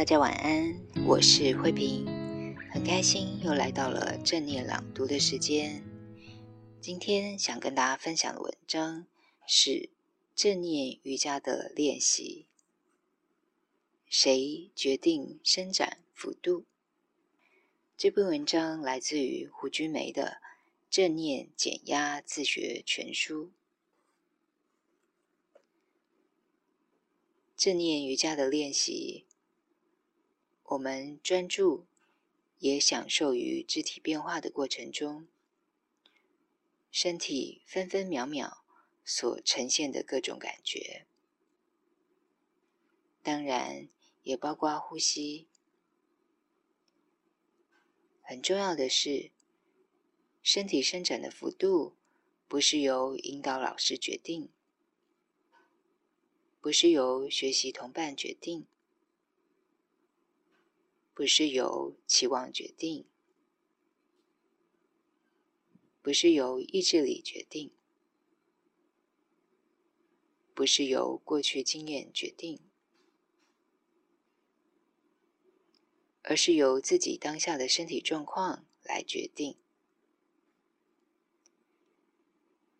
大家晚安，我是慧萍。很開心又來到了正念朗讀的時間。今天想跟大家分享的文章是正念瑜伽的練習。誰決定伸展幅度？這篇文章來自於胡君梅的《正念減壓自學全書》。正念瑜伽的練習。我們專注，也享受於肢體變化的過程中，身體分分秒秒所呈現的各種感覺。當然，也包括呼吸。很重要的是，身體伸展的幅度不是由引導老師決定，不是由學習同伴決定。不是由期望決定，不是由意志力決定，不是由過去經驗決定，而是由自己當下的身體狀況來決定。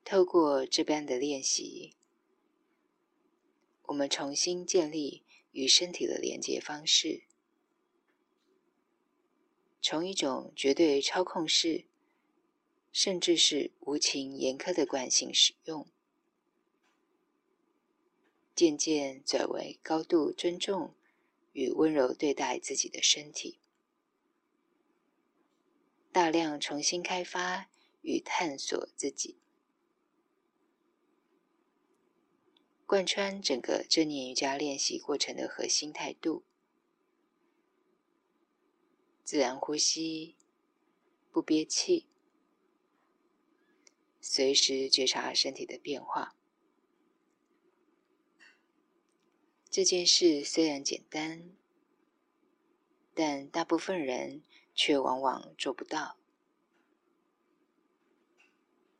透過這般的練習，我們重新建立與身體的連接方式。從一種絕對操控式，甚至是無情嚴苛的慣性使用，漸漸轉為高度尊重與溫柔對待自己的身體，大量重新開發與探索自己，貫穿整個正念瑜伽練習過程的核心態度。自然呼吸，不憋氣，隨時覺察身體的變化。這件事雖然簡單，但大部分人卻往往做不到。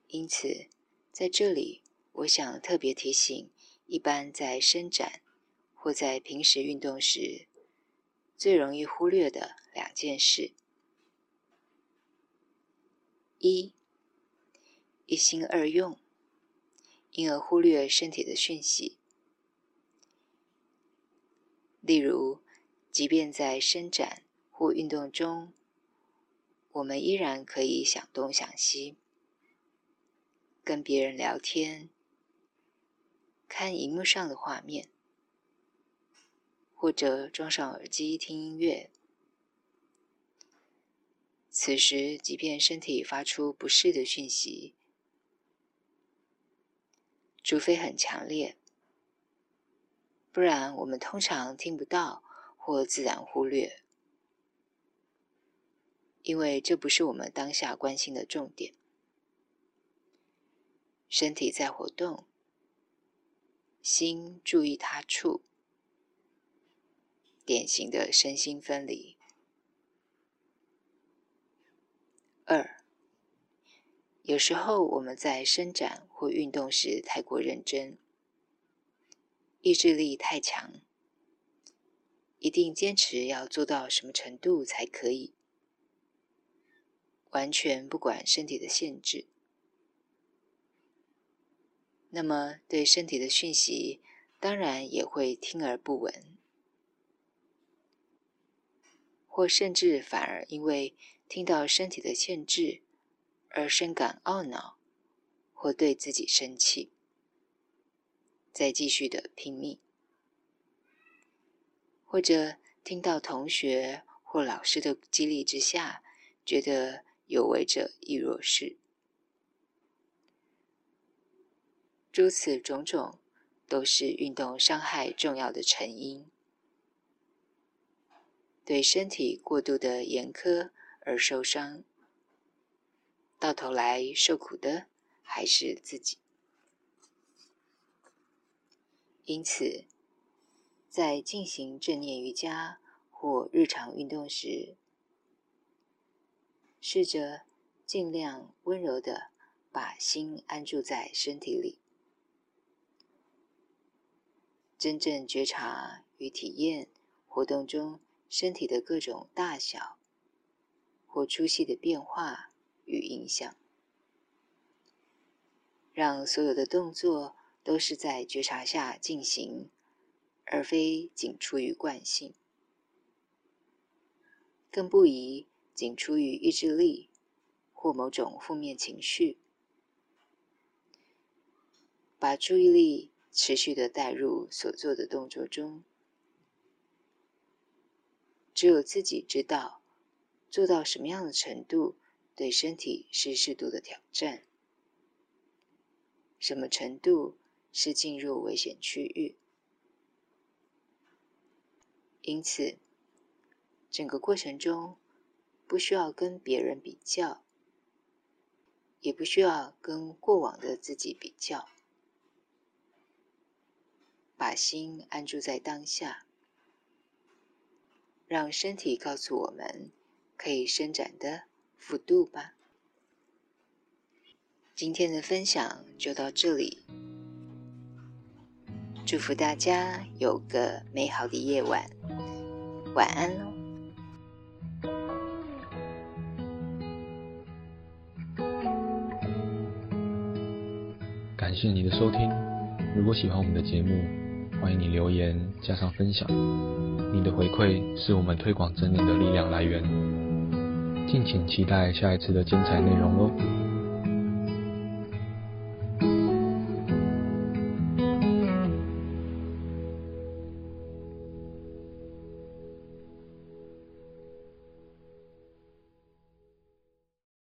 因此，在這裡，我想特別提醒，一般在伸展或在平時運動時，最容易忽略的兩件事。一、一心二用，因而忽略身體的訊息。例如，即便在伸展或運動中，我們依然可以想東想西，跟別人聊天，看熒幕上的畫面。或者裝上耳機聽音樂。此時，即便身體發出不適的訊息，除非很強烈，不然我們通常聽不到或自然忽略，因為這不是我們當下關心的重點。身體在活動，心注意他處。典型的身心分離。二，有時候我們在伸展或運動時太過認真，意志力太強，一定堅持要做到什麼程度才可以，完全不管身體的限制。那麼對身體的訊息，當然也會聽而不聞。或甚至反而因為聽到身體的限制而深感懊惱，或對自己生氣，再繼續的拼命，或者聽到同學或老師的激勵之下，覺得有為者亦若是。諸此種種，都是運動傷害重要的成因。對身體過度的嚴苛而受傷，到頭來受苦的還是自己。因此，在進行正念瑜伽或日常運動時，試着儘量溫柔地把心安住在身體裡，真正覺察與體驗活動中。身體的各種大小或粗細的變化與影響，讓所有的動作都是在覺察下進行，而非僅出於慣性，更不宜僅出於意志力或某種負面情緒，把注意力持續的帶入所做的動作中。只有自己知道做到什麼樣的程度對身體是適度的挑戰，什麼程度是進入危險區域。因此，整個過程中不需要跟別人比較，也不需要跟過往的自己比較，把心安住在當下。讓身體告訴我們，可以伸展的幅度吧。今天的分享就到這裡，祝福大家有個美好的夜晚，晚安嘍！感謝你的收聽，如果喜歡我們的節目。歡迎你留言，加上分享，你的回饋是我們推廣正念的力量來源。敬請期待下一次的精彩內容嘍。